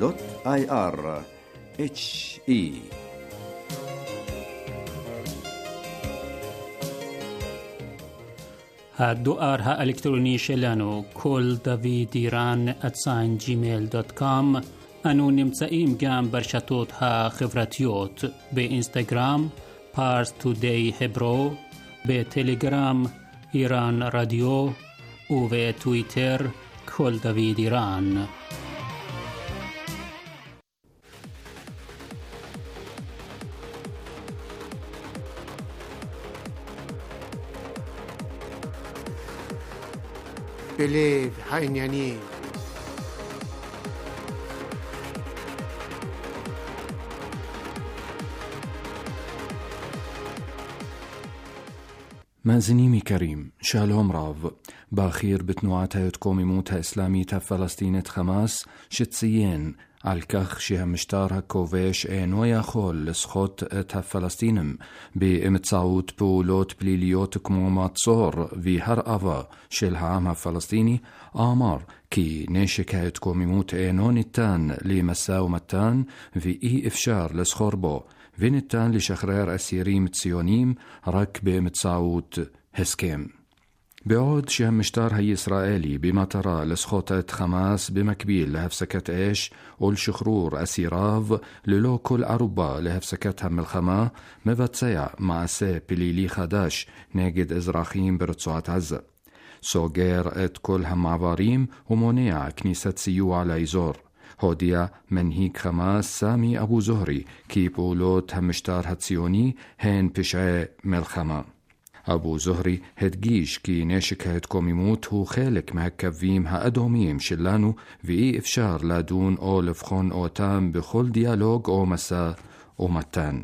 www.awr.ir he دوار ها الکترونی شلانو کل دوید ایران اتسان جیمیل دات کام انو نمتسئیم گم برشتوت ها خفرتیوت به اینستاگرام پارس تو دی هبرو به تلگرام ایران رادیو و به تویتر کل دوید ایران بيليه في حقن يانين مازنیمی کریم شالوم ڕاو باخیر بتنوعات هێت کۆمی موتە ئەسلامی تا فەلەستینت خماس شتسیێن על כך שהמשטר הכובש אינו יכול לסחוט את הפלסטינים באמצעות פעולות פליליות כמו מצור והרעבה של העם הפלסטיני, אמר כי נשק ההתקוממות אינו ניתן למשא ומתן ואי אפשר לסחור בו, וניתן לשחרר אסירים ציונים רק באמצעות הסכם. بعود شه مشتار هي إسرائيلي بما ترى لسخوطة خماس بمكبيل لهفسكت إيش والشخرور أسيراف للو كل عربة لهفسكتها من الخما مبتسيع مع سي بليلي خداش ناجد إزراخيم برتسوعة عزة سوغير ات كل هم عباريم ومنيع كنيسة سيو على إيزور هوديا منهيك خماس سامي أبو زهري كي بولوت همشتار هتسيوني هين بشعي ملخمام אבו זוהרי הדגיש כי נשק ההתקוממות הוא חלק מהקווים האדומים שלנו, ואי אפשר לדון או לבחון אותם בכל דיאלוג או משא ומתן.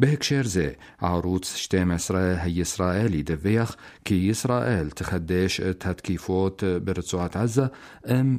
בהקשר זה, ערוץ 12 הישראלי דיווח כי ישראל תחדש את התקיפות ברצועת עזה אם